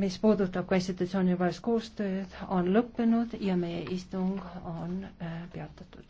mis puudutab ka institutsiooni vahelist koostööd, on lõppenud ja meie istung on äh, peatatud.